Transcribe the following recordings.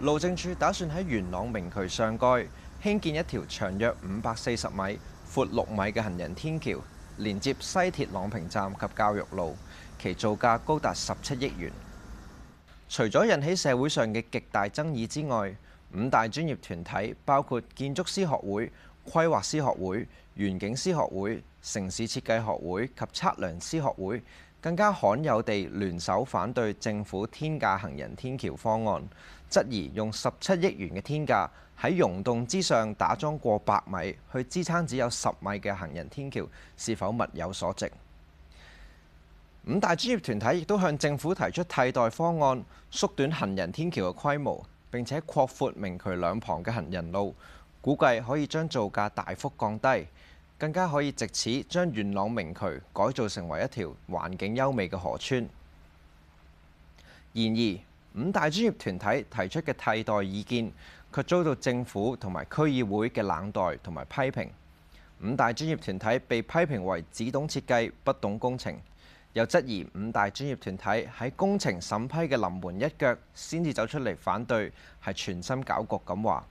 路政署打算喺元朗明渠上蓋興建一條長約五百四十米、闊六米嘅行人天橋，連接西鐵朗屏站及教育路，其造價高達十七億元。除咗引起社會上嘅極大爭議之外，五大專業團體包括建築師學會、規劃師學會、園景師學會、城市設計學會及測量師學會，更加罕有地聯手反對政府天價行人天橋方案，質疑用十七億元嘅天價喺溶洞之上打樁過百米去支撐只有十米嘅行人天橋是否物有所值。五大專業團體亦都向政府提出替代方案，縮短行人天橋嘅規模，並且擴闊明渠兩旁嘅行人路，估計可以將造價大幅降低。更加可以藉此將元朗明渠改造成為一條環境優美嘅河川。然而，五大專業團體提出嘅替代意見，卻遭到政府同埋區議會嘅冷待同埋批評。五大專業團體被批評為只懂設計，不懂工程，又質疑五大專業團體喺工程審批嘅臨門一腳先至走出嚟反對，係全心搞局咁話。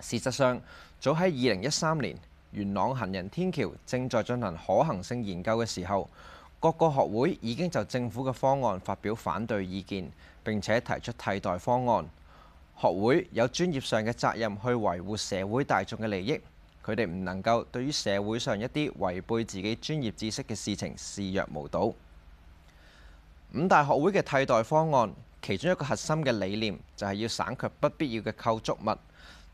事實上，早喺二零一三年，元朗行人天橋正在進行可行性研究嘅時候，各個學會已經就政府嘅方案發表反對意見，並且提出替代方案。學會有專業上嘅責任去維護社會大眾嘅利益，佢哋唔能夠對於社會上一啲違背自己專業知識嘅事情視若無睹。五大學會嘅替代方案，其中一個核心嘅理念就係要省卻不必要嘅構築物。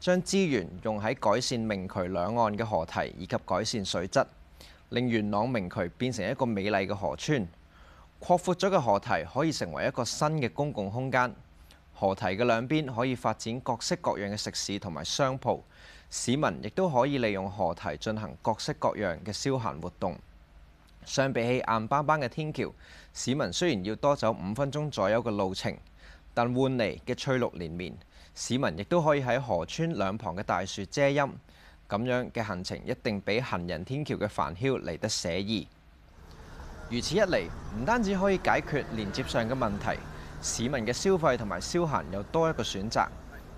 將資源用喺改善明渠兩岸嘅河堤以及改善水質，令元朗明渠變成一個美麗嘅河川。擴闊咗嘅河堤可以成為一個新嘅公共空間，河堤嘅兩邊可以發展各式各樣嘅食肆同埋商鋪，市民亦都可以利用河堤進行各式各樣嘅消閒活動。相比起硬梆梆嘅天橋，市民雖然要多走五分鐘左右嘅路程，但換嚟嘅翠綠連綿。市民亦都可以喺河川兩旁嘅大樹遮陰，咁樣嘅行程一定比行人天橋嘅煩囂嚟得寫意。如此一嚟，唔單止可以解決連接上嘅問題，市民嘅消費同埋消閒有多一個選擇，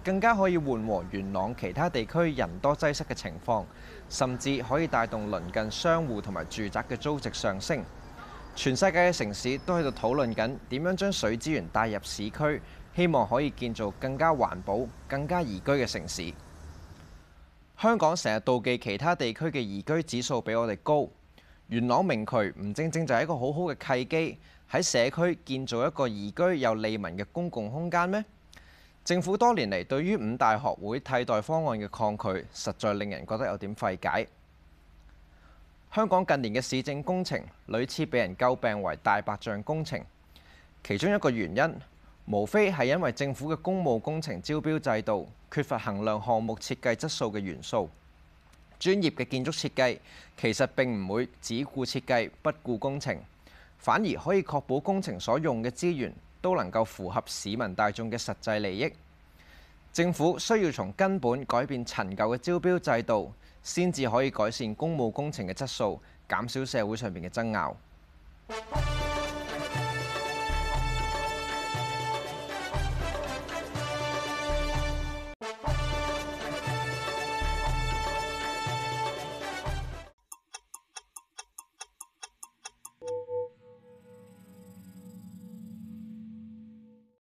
更加可以緩和元朗其他地區人多擠塞嘅情況，甚至可以帶動鄰近商戶同埋住宅嘅租值上升。全世界嘅城市都喺度討論緊點樣將水資源帶入市區。希望可以建造更加環保、更加宜居嘅城市。香港成日妒忌其他地區嘅宜居指數比我哋高。元朗明渠唔正正就係一個好好嘅契機，喺社區建造一個宜居又利民嘅公共空間咩？政府多年嚟對於五大學會替代方案嘅抗拒，實在令人覺得有點費解。香港近年嘅市政工程屢次被人詬病為大白象工程，其中一個原因，無非係因為政府嘅公務工程招標制度缺乏衡量項目設計質素嘅元素。專業嘅建築設計其實並唔會只顧設計，不顧工程，反而可以確保工程所用嘅資源都能夠符合市民大眾嘅實際利益。政府需要從根本改變陳舊嘅招標制度，先至可以改善公務工程嘅質素，減少社會上面嘅爭拗。